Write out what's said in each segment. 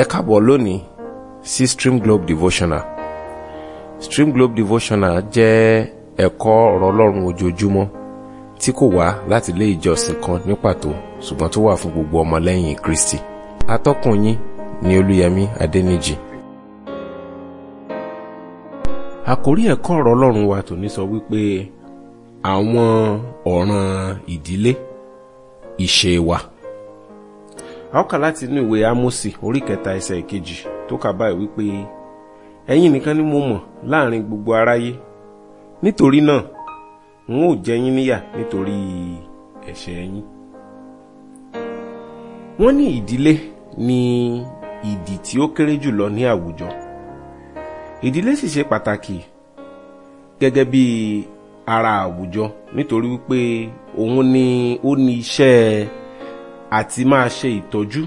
ẹ káàbọ̀ lónìí sí Stream Globe Devotional Stream Globe Devotional jẹ́ ẹ̀kọ́ ọ̀rọ̀ ọlọ́run ojoojúmọ́ tí kò wá láti ilé ìjọsìn kan ní pàtó ṣùgbọ́n tó wà fún gbogbo ọmọlẹ́yìn Kristi atọ́kùn yín ni Olúyẹmí Adẹ́nìjì. àkórí ẹ̀kọ́ ọ̀rọ̀ ọlọ́run wa tòní sọ wípé àwọn ọ̀ràn ìdílé ìṣe wa a ó kà láti inú ìwé Ámósì orí kẹta ẹsẹ̀ ìkejì tó kà báyìí wípé ẹ̀yin nìkan ni mo mọ̀ láàrin gbogbo aráyé nítorí náà n ó jẹ yín níyà nítorí ẹ̀ṣẹ̀ yín. wọ́n ní ìdílé ni ìdí tí ó kéré jùlọ ní àwùjọ ìdílé sì ṣe pàtàkì gẹ́gẹ́ bí ara àwùjọ nítorí wípé òun ni ó ní iṣẹ́ ẹ̀ àti máa ṣe ìtọ́jú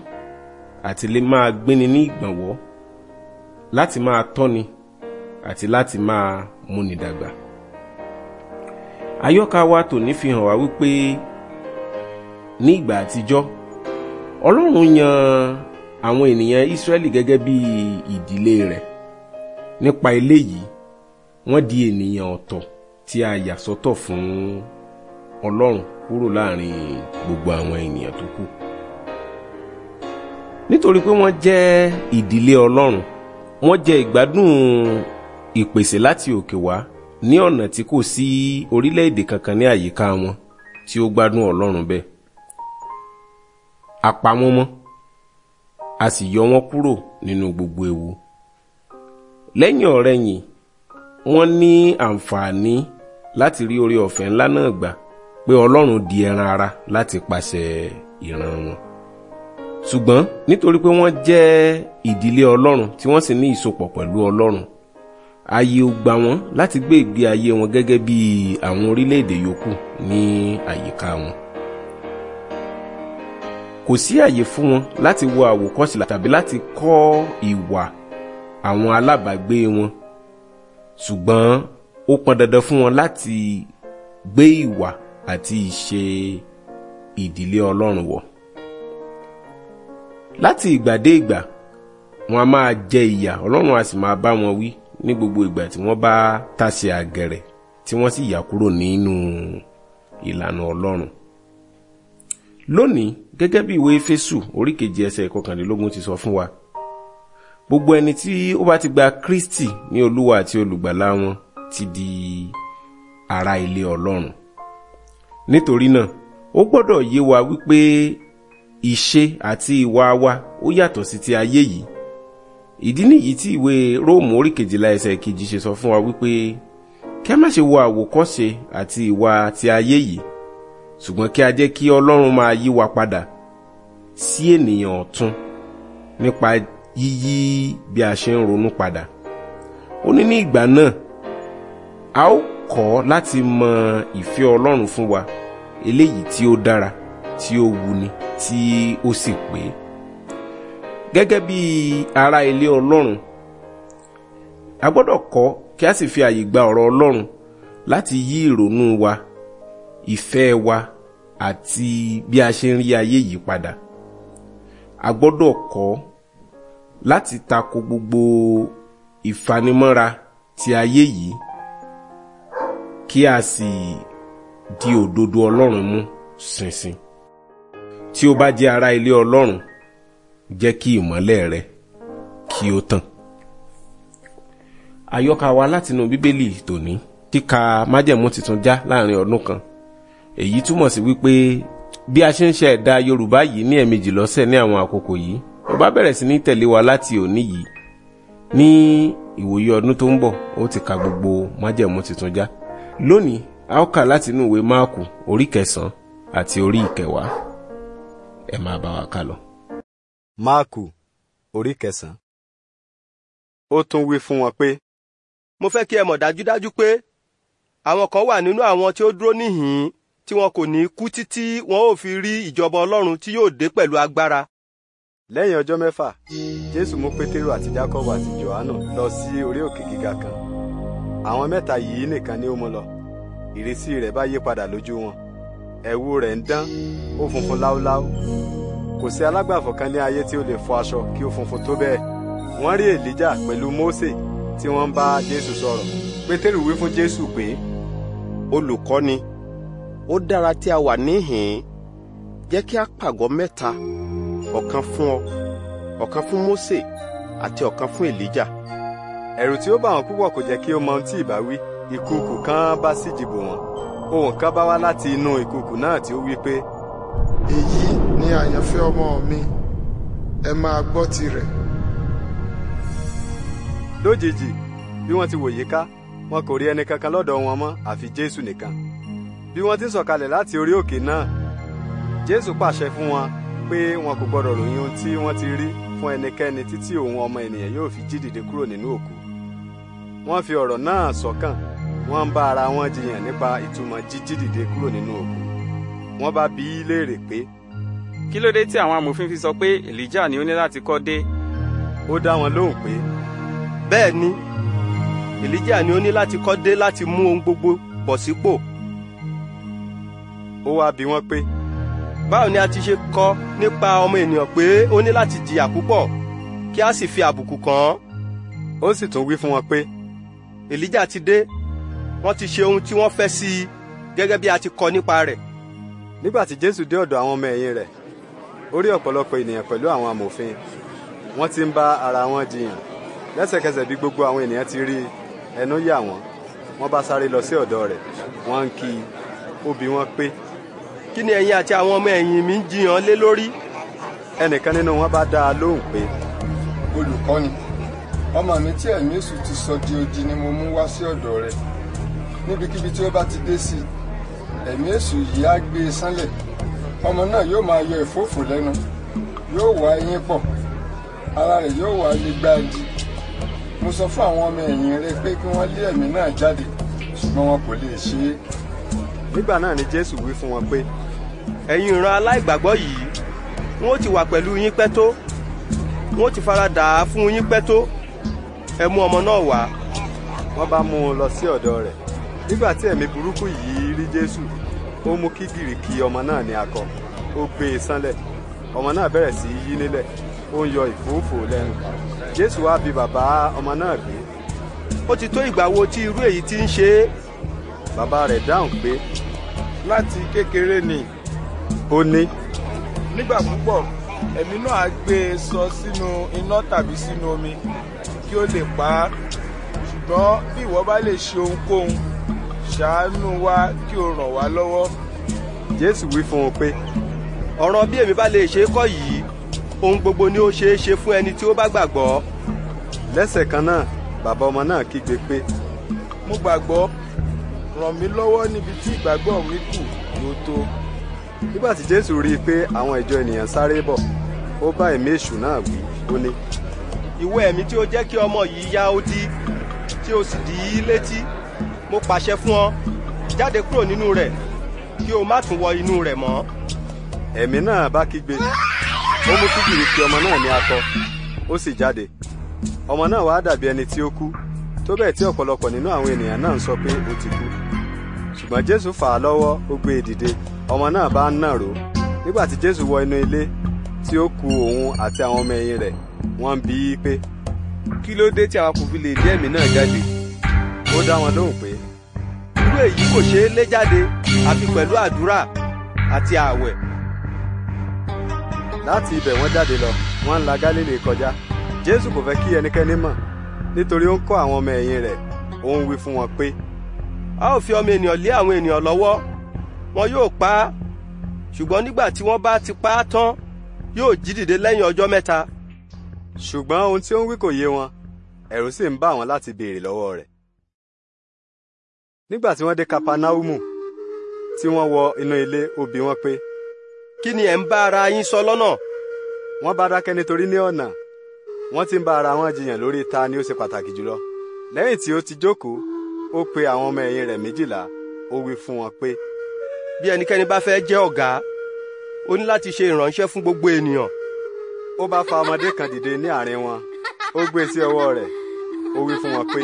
àti lè máa gbéni ní ìgbọ̀nwọ́ láti máa tọ́ni àti láti máa múni dàgbà. àyọkà wa tòní fi hàn wá wípé ní ìgbà àtijọ́ ọlọ́run yan àwọn ènìyàn Ísírẹ́lì gẹ́gẹ́ bí ìdílé rẹ̀ nípa eléyìí wọ́n di ènìyàn ọ̀tọ̀ tí a yà sọ́tọ̀ fún ọlọ́run kúrò láàrin gbogbo àwọn ènìyàn tó kù nítorí pé wọ́n jẹ́ ìdílé Ọlọ́run wọ́n jẹ ìgbádùn ìpèsè láti òkè wá ní ọ̀nà tí kò sí orílẹ̀-èdè kankan ní àyíká wọn tí ó gbádùn Ọlọ́run bẹ́ẹ̀ a pa wọ́n mọ́ a sì yọ wọ́n kúrò nínú gbogbo ewu lẹ́yìn ọ̀rẹ̀yìn wọ́n ní àǹfààní láti rí oore ọ̀fẹ́ ńlá náà gbà pé ọlọ́run di ẹran ara láti pàṣẹ ìran wọn ṣùgbọ́n nítorí pé wọ́n jẹ́ ìdílé ọlọ́run tí wọ́n sì ní ìsopọ̀ pẹ̀lú ọlọ́run ààyè ò gbà wọ́n láti gbé ìgbé ayé wọn gẹ́gẹ́ bí àwọn orílẹ̀-èdè yòókù ní àyíká wọn kò sí àyè fún wọn láti wo àwòkọ́ṣe tàbí láti kọ́ ìwà àwọn alábàágbé wọn ṣùgbọ́n ó pọn dandan fún wọn láti gbé ìwà àti ìṣe ìdílé Ọlọ́run wọ̀. Láti ìgbà dé ìgbà wọn a máa jẹ ìyà Ọlọ́run a sì máa bá wọn wí ní gbogbo ìgbà tí wọ́n bá tàsé àgẹ̀rẹ̀ tí wọ́n sì yà kúrò nínú ìlànà Ọlọ́run. Lónìí gẹ́gẹ́ bí ìwé Éfésù orí kejì ẹsẹ̀ kọkànlélógún ti sọ fún wa gbogbo ẹni tí ó bá ti gba Kristi ní Olúwa àti olùgbàlà wọn ti di ará ilé Ọlọ́run nítorí náà ó gbọ́dọ̀ yé wa wípé ìṣe àti ìwà wa ó yàtọ̀ sí ti ayé yìí ìdí nìyí tí ìwé róòmù orí kejìlá ẹsẹ̀ kejì ṣe sọ fún wa wípé kí a má ṣe wo àwòkọ́ṣe àti ìwà ti ayé yìí ṣùgbọ́n kí a jẹ́ kí ọlọ́run máa yí wa padà sí ènìyàn ọ̀tun nípa yíyí bí a ṣe ń ronú padà ó ní ní ìgbà náà a ó kọ́ láti mọ ìfẹ́ ọlọ́run fún wa eléyìí tí ó dára tí ó wuni tí ó sì pé gẹ́gẹ́ bí ará ilé ọlọ́run a gbọ́dọ̀ kọ́ kí a sì fi àyè gba ọ̀rọ̀ ọlọ́run láti yí ìrònú wa ìfẹ́ wa àti bí a ṣe ń rí ayé yìí padà a gbọ́dọ̀ kọ́ láti tako gbogbo ìfanimọ́ra ti ayé yìí kí a sì. Si di òdodo ọlọ́run mú ṣinṣin tí o bá jẹ́ ará ilé ọlọ́run jẹ́ kí ìmọ́lẹ̀ rẹ kí ó tàn. àyọkà wa látinú bíbélì tòní kíka májẹ̀mú tuntun já láàrin ọdún kan èyí túmọ̀ sí wípé bí a ṣe ń ṣe ẹ̀dá yorùbá yìí ní ẹ̀ẹ̀mejì lọ́sẹ̀ ní àwọn àkókò yìí ó bá bẹ̀rẹ̀ sí ní tẹ̀lé wa láti òní yìí ní ìwòye ọdún tó ń bọ̀ ó ti ka gbogbo májẹ̀mú tuntun já lónìí a ó kà láti inú ìwé máàkù orí kẹsàn-án àti orí ìkẹwàá ẹ máa bá wa kà lọ. máàkù orí kẹsàn ó tún wí fún wọn pé. mo fẹ́ kí ẹ mọ̀ dájúdájú pé àwọn kan wà nínú àwọn tí ó dúró níhìn-ín tí wọn kò ní kú títí wọn ò fi rí ìjọba ọlọ́run tí yóò dé pẹ̀lú agbára. lẹ́yìn ọjọ́ mẹ́fà jésù mú pétérù àti jákọ́bù àti jòhánù lọ sí orí òkè gíga kan àwọn mẹ́ta yìí nìkan ni ó mú lọ ìrísí rẹ̀ bá yí padà lójú wọn ẹ̀wù rẹ̀ ń dán ó funfun láúláú kò sí alágbàfọ̀ kan ní ayé tí ó lè fọ aṣọ kí ó funfun tó bẹ́ẹ̀ wọ́n rí èlíjà pẹ̀lú mósè tí wọ́n ń bá jésù sọ̀rọ̀ pétérù wí fún jésù pé olùkọ́ni ó dára tí a wà níhìn-ín jẹ́ kí a pàgọ́ mẹ́ta ọ̀kan fún ọ ọ̀kan fún mósè àti ọ̀kan fún èlíjà ẹ̀rù tí ó bà wọ́n púpọ̀ kò jẹ́ kí ó mọ ohun tí ìbá wí ìkùukù kan bá sì dìbò wọn ohùn kan bá wá láti inú ìkùukù náà tí ó wí pé. èyí ni àyànfẹ́ ọmọ mi ẹ máa gbọ́ tirẹ̀. lójijì bí wọ́n ti wòye ká wọn kò rí ẹnì kankan lọ́dọ̀ wọn mọ́ àfi jésù nìkan bí wọ́n ti ń sọ̀kalẹ̀ láti orí òkè náà jésù pàṣẹ fún wọn pé wọn kò gbọdọ̀ ròyìn ohun tí wọ́n ti rí fún ẹnikẹ́ni títí òun ọmọ ènìyàn yóò fi jí dìde kúrò nínú òkú wọ́n fi ọ̀rọ̀ náà sọ́kàn wọ́n ń bá ara wọn jiyàn nípa ìtumọ̀ jíjí dìde kúrò nínú òkú wọ́n bá bi í léèrè pé. kí ló dé tí àwọn amòfin fi sọ pé èlíjà ni ó ní láti kọ́ dé. ó dá wọn lóhùn pé. bẹ́ẹ̀ ni èlíjà ni ó ní láti kọ́ dé láti mú ohun gbogbo pọ̀ sípò. ó wáá bi wọ́n pé. báwo ni a ti ṣe kọ́ nípa ọmọ ènìyàn pé ó ní láti jìyà púpọ̀ kí a sì fi àbùkù kàn án. ó sì tún wí fún wọn pé. èlíjà ti dé wọ́n ti ṣe ohun tí wọ́n fẹ́ sí i gẹ́gẹ́ bí a ti kọ nípa rẹ̀. nígbà tí jésù dé ọ̀dọ̀ àwọn ọmọ ẹ̀yìn rẹ̀ ó rí ọ̀pọ̀lọpọ̀ ènìyàn pẹ̀lú àwọn amòfin wọ́n ti ń bá ara wọn jiyàn lẹ́sẹ̀kẹsẹ̀ bí gbogbo àwọn ènìyàn ti rí ẹnu yà wọ́n wọ́n bá sáré lọ sí ọ̀dọ̀ rẹ̀ wọ́n ń kí ó bi wọ́n pé. kí ni ẹ̀yin àti àwọn ọmọ ẹ̀yìn mi ń jiyàn lé lórí. ẹnìkan nínú wọn bá dá a lóhùn pé. olùkọ́ni ọmọ mi tí ẹ̀mí èṣù ti sọ di odi ni mo mú wá sí ọ̀dọ̀ rẹ̀ níbikíbi tí ó bá ti dé sí ẹ̀mí èṣù yìí á gbé e sánlẹ̀ ọmọ náà yóò máa yọ ìfófò lẹ́nu yóò wá eyín pọ̀ ara rẹ̀ yóò wá lè gbáàdì mo sọ fún àwọn ọmọ ẹ̀yìn rẹ̀ pé kí wọ́n lé ẹ̀mí náà jáde ṣùgbọ́n wọn kò lè ṣe é. nígbà náà ni jésù wí fún wọn pé ẹ̀yin ìran aláìgbàgbọ́ yìí wọn ó ti wà pẹ̀lú yín pẹ́ tó wọn ó ti fara dà á fún yín pẹ́ tó ẹ mú ọmọ náà wá. wọ́n bá mú un lọ sí ọ̀dọ̀ rẹ̀ nígbà tí ẹ̀mí burúkú yìí rí jésù ó mú kí gìrìkì ọmọ náà ní akọ ó gbé e sánlẹ̀ ọmọ náà bẹ̀rẹ̀ sí í yí nílẹ̀ ó ń yọ ìfòófò lẹ́nu jésù wá bi bàbá ọmọ náà pé ó ti tó ìgbà wo tí irú èyí ti ń ṣe é bàbá rẹ̀ dáhùn pé láti kékeré ni ó ní nígbà púpọ̀ ẹ̀mí náà á gbé e sọ sínú iná tàbí sínú omi kí ó lè pa á ṣùgbọ́n bí ìwọ bá lè ṣe ohunkóhun ṣàánú wa kí o ràn wá lọ́wọ́. jésù wí fún un pé ọ̀ràn bí èmi bá lè ṣe é kọ́ yìí ohun gbogbo ni ó ṣeé ṣe fún ẹni tí ó bá gbàgbọ́. lẹ́sẹ̀ kan náà bàbá ọmọ náà kígbe pé. mo gbàgbọ́ ràn mí lọ́wọ́ níbi tí ìgbàgbọ́ mi kù ni ó tó. nígbà tí jésù rí i pé àwọn ìjọ ènìyàn sáré bọ̀ ó bá ẹ̀mí èṣù náà wí ó ní. ìwọ ẹ̀mí tí ó jẹ́ kí ọmọ yìí yá odi tí ó sì dì í létí mo pàṣẹ fún ọ jáde kúrò nínú rẹ̀ kí o má tún wọ inú rẹ̀ mọ́. ẹ̀mí náà bá kígbe ó mú kígìrì pé ọmọ náà ní akọ ó sì jáde ọmọ náà wàá dàbí ẹni tí ó kú tó bẹ́ẹ̀ tí ọ̀pọ̀lọpọ̀ nínú àwọn ènìyàn náà ń sọ pé ó ti kú ṣùgbọ́n jésù fà á lọ́wọ́ ó gbé e dìde ọmọ náà bá ń nàró nígbà tí jésù wọ inú ilé tí ó ku òun àti àwọn ọmọ ẹ̀yìn rẹ̀ wọ́n ń bi í pé. kí ló dé tí àwa kò fi lè lé ẹ̀mí náà jáde. ó dá wọn lóhùn pé irú èyí kò ṣeé lé jáde àfi pẹ̀lú àdúrà àti ààwẹ̀. láti ibẹ̀ wọ́n jáde lọ wọ́n ń la Gálílì kọjá Jésù kò fẹ́ kí ẹnikẹ́ni mọ̀ nítorí ó ń kọ́ àwọn ọmọ ẹ̀yìn rẹ̀ ó ń wí fún wọn pé. a ó fi ọmọ ènìyàn lé àwọn ènìyàn lọ́wọ́ wọn yóò pa á ṣùgbọ́n nígbà tí wọ́n bá ti pa á tán yóò jí dìde lẹ́yìn ọjọ́ mẹ́ta. ṣùgbọ́n ohun tí ó ń wí kò yé wọn ẹ̀rù sì ń bà wọ́n láti béèrè lọ́wọ́ rẹ̀ nígbà tí wọ́n dé kapanaumu tí wọ́n wọ inú ilé ó bi pé. kí ni ẹ̀ ń bá ara yín sọ lọ́nà. wọ́n bá dákẹ́ nítorí ní ọ̀nà wọ́n ti ń bá ara wọn jiyàn lórí ta ni ó ṣe pàtàkì jùlọ. lẹ́yìn tí ó ti jókòó ó pe àwọn ọmọ ẹ̀yìn rẹ̀ méjìlá ó wí fún wọn pé. bí ẹnikẹ́ni bá fẹ́ jẹ́ ọ̀gá ó ní láti ṣe ìránṣẹ́ fún gbogbo ènìyàn. ó bá fa ọmọdé kan dìde ní àárín wọn ó gbé sí ọwọ́ rẹ̀ ó wí fún wọn pé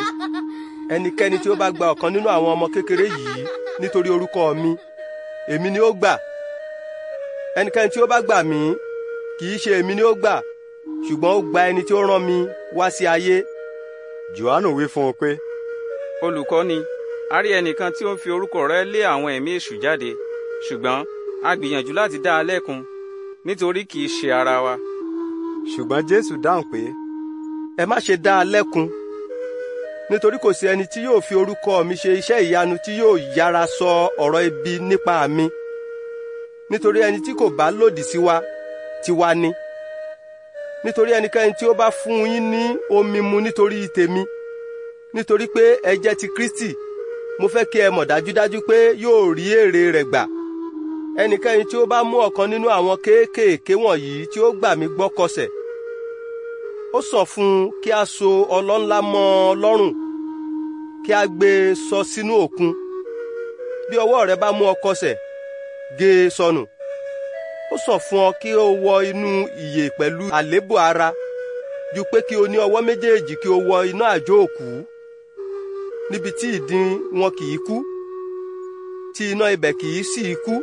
ẹnikẹ́ni tí ó bá gba ọ̀kan nínú àwọn ọmọ kékeré yìí nítorí orúkọ mi èmi ni ó gbà ẹnikẹ́ni tí ó bá gbà mí kì í ṣe èmi ni ó gbà ṣùgbọ́n ó gba ẹni tí ó rán mi wá sí ayé. Jòhánù wí fún un pé. olùkọ́ni a rí ẹnìkan tí ó ń fi orúkọ rẹ lé àwọn ẹ̀mí èṣù jáde ṣùgbọ́n a gbìyànjú láti dá a lẹ́kun nítorí kì í ṣe ara wa. ṣùgbọ́n Jésù dáhùn pé. ẹ má ṣe dá a lẹ́kun nítorí kò sí ẹni tí yóò fi orúkọ mi ṣe iṣẹ́ ìyanu tí yóò yára sọ ọ̀rọ̀ ibi nípa mi nítorí ẹni tí kò bá lòdì sí wa tiwa ni nítorí ẹnikẹ́ni tí ó bá fún yín ní omi mu nítorí tèmi nítorí pé ẹ̀jẹ̀ ti Kristi mo fẹ́ kí ẹ mọ̀ dájúdájú pé yóò rí èrè rẹ̀ gbà ẹnikẹ́ni tí ó bá mú ọ̀kan nínú àwọn kéékèèké wọ̀nyí tí ó gbà mí gbọ́ ó sọ fún kí a so ọlọ́nlá mọ́ ọ lọ́rùn kí a gbé e sọ sínú òkun bí ọwọ́ rẹ bá mú ọ kọsẹ̀ gé e sọnù ó sọ fún ọ kí o wọ inú ìyè pẹ̀lú àlébù ara ju pé kí o ní ọwọ́ méjèèjì kí o wọ iná àjò òkú níbi tí ìdin wọn kì í kú tí iná ibẹ̀ kì í sì í kú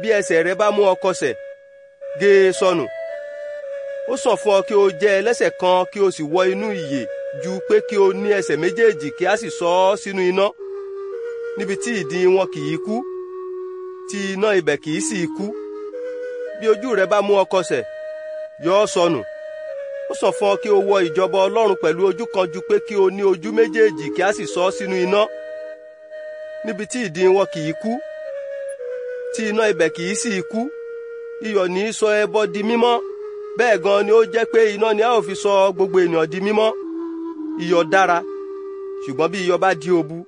bí ẹsẹ̀ rẹ bá mú ọ kọsẹ̀ gé e sọnù. So ó sàn fún ọ kí o jẹ ẹlẹ́sẹ̀ kan kí o sì wọ inú ìyè ju pé kí o ní ẹsẹ̀ méjèèjì kí a sì sọ ọ́ sínú iná níbi tí ìdì wọn kì í kú tí iná ibẹ̀ kì í sì kú bí ojú rẹ bá mú ọ kọsẹ̀ yọ sọnù ó sàn fún ọ kí o wọ ìjọba ọlọ́run pẹ̀lú ojú kan ju pé kí o ní ojú méjèèjì kí a sì sọ ọ́ sínú iná níbi tí ìdì wọn kì í kú tí iná ibẹ̀ kì í sì kú iyọ̀ ní í sọ ẹbọ di mímọ́ bẹ́ẹ̀ gan ni ó jẹ́ pé iná ni a ó fi sọ gbogbo ènìyàn di mímọ́ iyọ̀ dára ṣùgbọ́n bí iyọ̀ bá di obu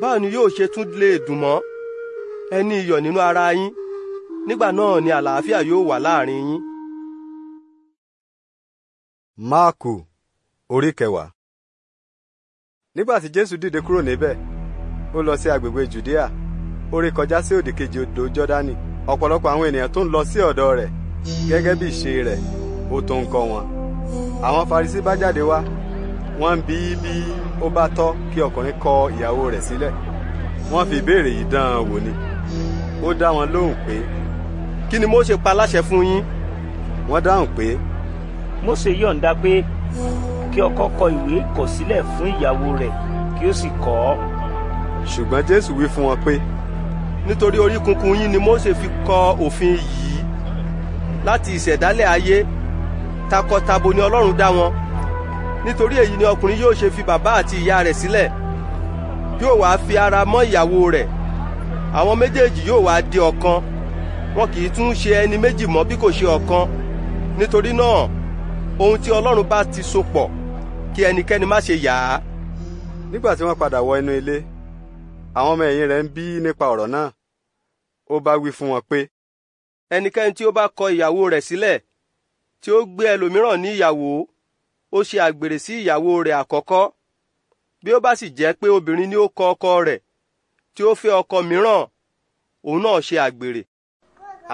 báwo ni yóò ṣe tún lè dùn mọ́ ẹ iyọ̀ nínú ara yín nígbà náà ni àlàáfíà yóò wà láàrin yín. máàkù orí kẹwàá nígbà tí jésù dìde kúrò níbẹ̀ ó lọ sí agbègbè jùdíà ó kọjá sí òdìkejì odò jọ́dánì ọ̀pọ̀lọpọ̀ àwọn ènìyàn tó ń lọ sí ọ̀dọ́ rẹ̀ gẹ́gẹ́ bí ìṣe rẹ̀ ó tó ń kọ́ wọn àwọn Farisí bá jáde wá wọ́n ń bi í bí ó bá tọ́ kí ọkùnrin kọ ìyàwó rẹ̀ sílẹ̀ wọ́n fi ìbéèrè yìí dán an wò ni ó dá wọn lóhùn pé. kí ni Mósè pa láṣẹ fún yín. wọ́n dáhùn pé. Mósè yọ̀ǹda pé kí ọkọ kọ ìwé kọ̀ sílẹ̀ fún ìyàwó rẹ̀ kí ó sì kọ̀ ṣùgbọ́n Jésù wí fún wọn pé. nítorí orí kunkun yín ni Mósè fi kọ òfin yìí láti ìṣẹ̀dálẹ̀ ayé takọtabo ni ọlọ́run dá wọn nítorí èyí ni ọkùnrin yóò ṣe fi bàbá àti ìyá rẹ̀ sílẹ̀ yóò wá fi ara mọ́ ìyàwó rẹ̀ àwọn méjèèjì yóò wá di ọ̀kan wọn kì í tún ṣe ẹni méjì mọ́ bí kò ṣe ọ̀kan nítorí náà ohun tí ọlọ́run bá ti so pọ̀ kí ẹnikẹ́ni má ṣe yà á. nígbà tí wọ́n padà wọ inú ilé àwọn ọmọ ẹ̀yìn rẹ̀ ń bí nípa ọ̀rọ̀ náà ó bá wí fún wọn pé ẹnikẹ́ni tí ó bá kọ ìyàwó rẹ̀ sílẹ̀ tí ó gbé ẹlòmíràn ní ìyàwó ó ṣe àgbèrè sí ìyàwó rẹ̀ àkọ́kọ́ bí ó bá sì jẹ́ pé obìnrin ni ó kọ ọkọ rẹ̀ tí ó fẹ́ ọkọ mìíràn òun náà ṣe àgbèrè.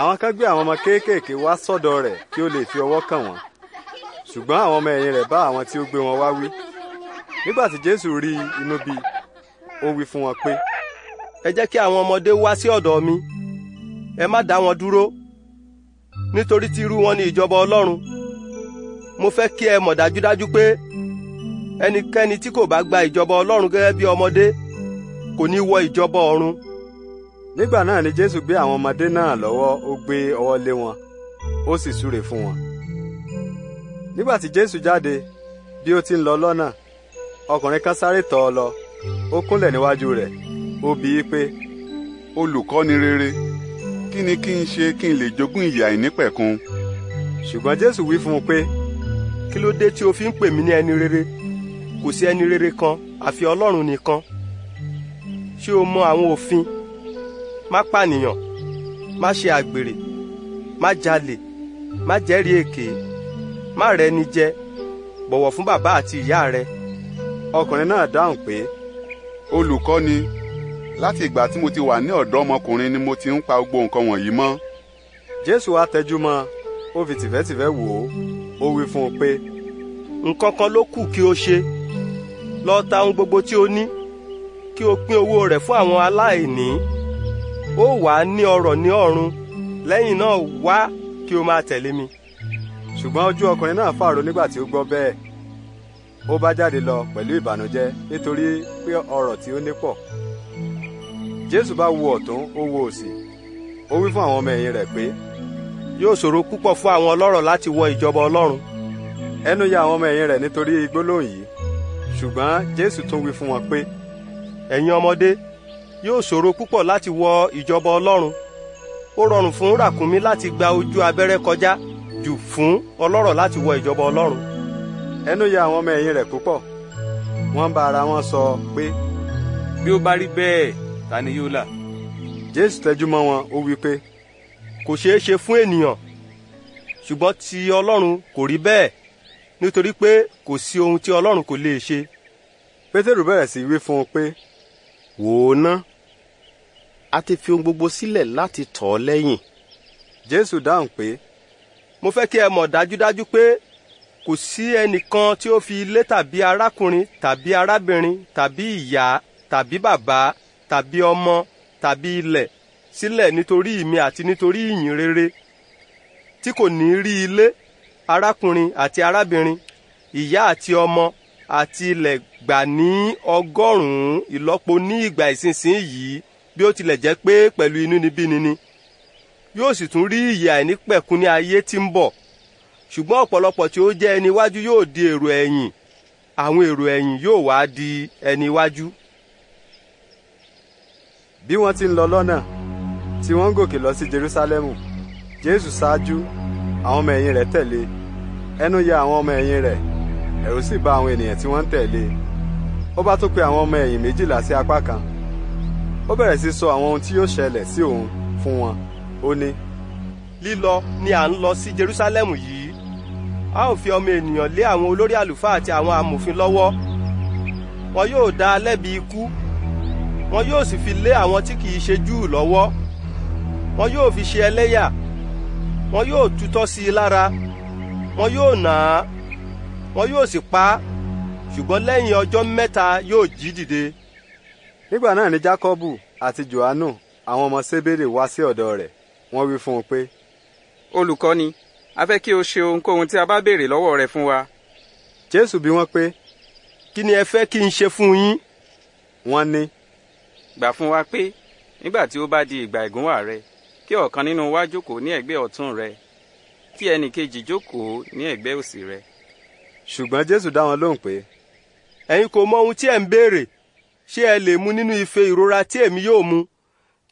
àwọn kan gbé àwọn ọmọ kéékèèké wá sọ́dọ̀ rẹ̀ kí ó lè fi ọwọ́ kàn wọ́n ṣùgbọ́n àwọn ọmọ ẹ̀yìn rẹ̀ bá àwọn tí ó gbé wọn wá wí nígbà tí jésù rí inú bí ó wí fún wọn pé. ẹ jẹ́ kí àwọn ọmọdé wá sí ọ̀dọ̀ mi ẹ má dá wọn dúró nítorí tí irú wọn ni ìjọba ọlọ́run mo fẹ́ kí ẹ mọ̀ dájúdájú pé ẹnikẹ́ni tí kò bá gba ìjọba ọlọ́run gẹ́gẹ́ bí ọmọdé kò ní wọ ìjọba ọ̀run. nígbà náà ni jésù gbé àwọn ọmọdé náà lọ́wọ́ ó gbé ọwọ́ lé wọn ó sì súre fún wọn. nígbà tí jésù jáde bí ó ti ń lọ lọ́nà ọkùnrin kan sáré tọ̀ ọ́ lọ ó kúnlẹ̀ níwájú rẹ̀ ó bi í pé olùkọ́ni rere kí ni kí n ṣe kí n lè jogún ìyè àìnípẹ̀kun. ṣùgbọ́n jésù wí fún un pé kí ló dé tí o fi ń pè mí ní ẹni rere kò sí ẹni rere kan àfi ọlọ́run nìkan ṣé o mọ àwọn òfin má pànìyàn má ṣe àgbèrè má jalè má jẹ́rìí èké má rẹ́ni jẹ bọ̀wọ̀ fún bàbá àti ìyá rẹ. ọkùnrin náà dáhùn pé Olùkọ́ ni láti ìgbà tí mo ti wà ní ọ̀dọ́ ọmọkùnrin ni mo ti ń pa gbogbo nǹkan wọ̀nyí mọ́. jésù wá tẹjú mọ́ ó fi tìfẹ́tìfẹ́ wò ó ó wí fún un pé nǹkan kan ló kù kí o ṣe lọ ta ohun gbogbo tí o ní kí o pín owó rẹ̀ fún àwọn aláìní ó wà á ní ọrọ̀ ní ọ̀run lẹ́yìn náà wá kí o máa tẹ̀lé mi. ṣùgbọ́n ojú ọkùnrin náà fàrọ nígbà tí ó gbọ́ bẹ́ẹ̀ ó bá jáde lọ pẹ̀lú ìbànújẹ́ nítorí pé ọrọ̀ tí ó ní pọ̀ jésù bá wo ọ̀tún ó wo òsì ó wí fún àwọn ọmọ ẹ̀yìn rẹ̀ pé yóò ṣòro púpọ̀ fún àwọn ọlọ́rọ̀ láti wọ ìjọba ọlọ́run ẹnu ya àwọn ọmọ ẹ̀yìn rẹ̀ nítorí gbólóhùn yìí ṣùgbọ́n jésù tún wí fún wọn pé ẹ̀yin ọmọdé yóò ṣòro púpọ̀ láti wọ ìjọba ọlọ́run ó rọrùn fún ràkúnmí láti gba ojú abẹ́rẹ́ kọjá jù fún ọlọ́rọ̀ láti wọ ìjọba ọlọ́run ẹnu ya àwọn ọmọ ẹ̀yìn rẹ̀ púpọ̀ wọ́n bá ara wọn sọ pé bí ó bá rí bẹ́ẹ̀ ta ni yóò là. jésù tẹjú mọ́ wọn ó wí pé kò ṣeé ṣe fún ènìyàn ṣùgbọ́n ti ọlọ́run kò rí bẹ́ẹ̀ nítorí pé kò sí ohun tí ọlọ́run kò lè ṣe. pétérù bẹ̀rẹ̀ sí wí fún un pé wò ó ná a ti fi ohun gbogbo sílẹ̀ láti tọ̀ ọ́ lẹ́yìn. jésù dáhùn pé mo fẹ́ kí ẹ mọ̀ dájúdájú pé kò sí ẹnìkan tí ó fi ilé tàbí arákùnrin tàbí arábìnrin tàbí ìyá tàbí bàbá tàbí ọmọ tàbí ilẹ̀ sílẹ̀ nítorí ìmí àti nítorí ìyìn rere tí kò ní rí ilé arákùnrin àti arábìnrin ìyá àti ọmọ àti ilẹ̀ gbà ní ọgọ́rùn-ún ìlọ́po ní ìgbà ìsinsìnyí bí ó tilẹ̀ jẹ́ pé pẹ̀lú inúnibíni ni yóò sì tún rí ìyè àìnípẹ̀kun ní ayé tí ń bọ̀ ṣùgbọ́n ọ̀pọ̀lọpọ̀ tí ó jẹ́ ẹni yóò di èrò ẹ̀yìn àwọn èrò ẹ̀yìn yóò wá di ẹni bí wọ́n ti ń lọ lọ́nà tí wọ́n ń gòkè lọ sí Jerúsálẹ́mù Jésù ṣáájú àwọn ọmọ ẹ̀yìn rẹ̀ tẹ̀lé ẹnu ya àwọn ọmọ ẹ̀yìn rẹ̀ ẹ̀rù sì bà àwọn ènìyàn tí wọ́n ń tẹ̀lé ó bá tún pe àwọn ọmọ ẹ̀yìn méjìlá sí apá kan ó bẹ̀rẹ̀ sí sọ àwọn ohun tí yóò ṣẹlẹ̀ sí òun fún wọn ó ní. lílọ ni à ń lọ sí Jerúsálẹ́mù yìí a ó fi ọmọ ènìyàn lé àwọn olórí àlùfáà àti àwọn amòfin lọ́wọ́ wọn yóò dá a lẹ́bi ikú wọn yóò sì fi lé àwọn tí kìí ṣe Júù lọ́wọ́ wọn yóò fi ṣe ẹlẹ́yà wọn yóò tutọ́ sí i lára wọn yóò nà á wọn yóò sì pa á ṣùgbọ́n lẹ́yìn ọjọ́ mẹ́ta yóò jí dìde. nígbà náà ni Jákọ́bù àti Jòhánù àwọn ọmọ Sébérè wá sí ọ̀dọ̀ rẹ̀ wọ́n wí fún un pé. olùkọ́ni a fẹ́ kí o ṣe ohunkóhun tí a bá béèrè lọ́wọ́ rẹ fún wa. Jésù bi wọ́n pé. kí ni ẹ fẹ́ kí n ṣe fún yín? wọ́n ní gbà fún wa pé nígbà tí ó bá di ìgbà ìgúnwà rẹ kí ọ̀kan nínú wa jókòó ní ẹ̀gbẹ́ ọ̀tún rẹ tí ẹnì kejì jókòó ní ẹ̀gbẹ́ òsì rẹ. ṣùgbọ́n jésù dá wọn lóhùn pé ẹ̀yin kò mọ ohun tí ẹ̀ ń béèrè ṣé ẹ lè mu nínú ife ìrora tí èmi yóò mu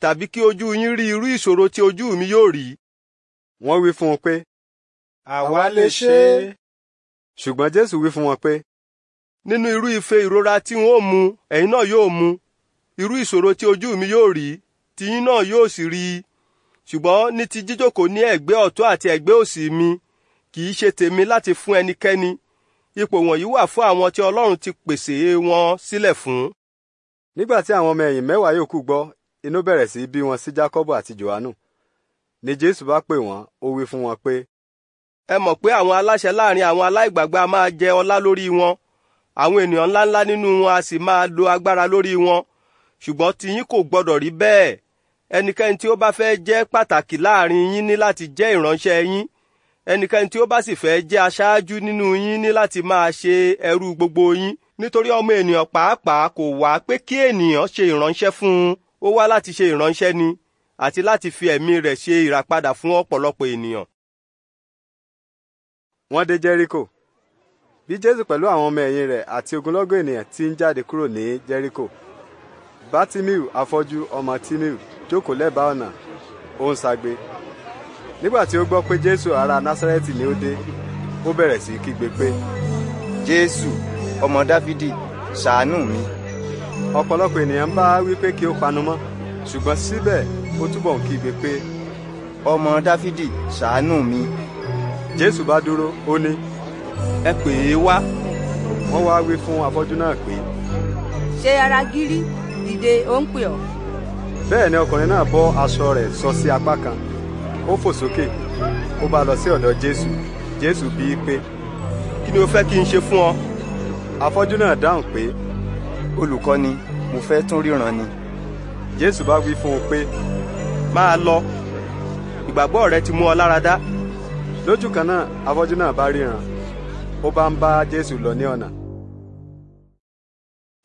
tàbí kí ojú yín rí irú ìṣòro tí ojú mi yóò rí. wọ́n wí fún un pé àwa lè ṣe é. ṣùgbọ́n jésù wí fún wọn pé nínú irú ife ìrora tí n ó mu ẹ̀yin náà yóò mu irú ìṣòro tí ojú mi yóò rí tiyín náà yóò sì rí i ṣùgbọ́n ní ti jíjókòó ní ẹ̀gbẹ́ ọ̀tún àti ẹ̀gbẹ́ òsì mi kì í ṣe tèmi láti fún ẹnikẹ́ni ipò wọ̀nyí wà fún àwọn tí Ọlọ́run ti pèsè wọn sílẹ̀ fún. nígbà tí àwọn ọmọ ẹ̀yìn mẹ́wàá yòókù gbọ́ inú bẹ̀rẹ̀ sí bí wọn sí Jákọ́bù àti Jòhánù ni Jésù bá pè wọ́n ó wí fún wọn pé. ẹ mọ̀ pé àwọn aláṣẹ láàrin àwọn aláìgbàgbà máa jẹ ọlá lórí wọn àwọn ènìyàn ńláńlá nínú wọn a sì máa lo agbára lórí wọn ṣùgbọ́n tiyín kò gbọ́dọ̀ rí bẹ́ẹ̀ ẹnikẹ́ni tí ó bá fẹ́ jẹ́ pàtàkì láàrin yín ní láti jẹ́ ìránṣẹ́ yín ẹnikẹ́ni tí ó bá sì fẹ́ jẹ́ aṣáájú nínú yín ní láti máa ṣe ẹrú gbogbo yín nítorí ọmọ ènìyàn pàápàá kò wá pé kí ènìyàn ṣe ìránṣẹ́ fún un ó wá láti ṣe ìránṣẹ́ ni àti láti fi ẹ̀mí rẹ̀ ṣe ìràpadà fún ọ̀pọ̀lọpọ̀ ènìyàn. wọ́n dé jẹ́ríkò bí jésù pẹ̀lú àwọn ọmọ ẹ̀yìn rẹ̀ àti ogunlọ́gọ̀ ènìyàn ti ń jáde kúrò ní jẹ́ríkò bátímíù afọ́jú ọmọ tímíù jókòó lẹ́bàá ọ̀nà ó ń ṣagbe nígbà tí ó gbọ́ pé jésù ará násárẹ́tì ni ó dé ó bẹ̀rẹ̀ sí í kígbe pé. jésù ọmọ dáfídì ṣàánú mi. ọ̀pọ̀lọpọ̀ ènìyàn bá wípé kí ó panu mọ́ ṣùgbọ́n síbẹ̀ ó túbọ̀ ń kígbe pé. ọmọ dáfídì ṣàánú mi. jésù bá dúró ó ní. ẹ pè é wá. wọ́n wá wí fún afọ́jú náà pé. ṣe ara gírí dìde ó ń pè ọ́. bẹ́ẹ̀ ni ọkùnrin náà bọ́ aṣọ rẹ̀ sọ sí apá kan ó fò sókè ó bá lọ sí ọ̀dọ̀ jésù jésù bí i pé kí ni o fẹ́ kí n ṣe fún ọ afọ́jú náà dáhùn pé olùkọ́ ni mo fẹ́ tún ríran ni jésù bá wí fún un pé máa lọ ìgbàgbọ́ rẹ ti mú ọ lára lójú kan náà afọ́jú náà bá ríran ó bá ń bá jésù lọ ní ọ̀nà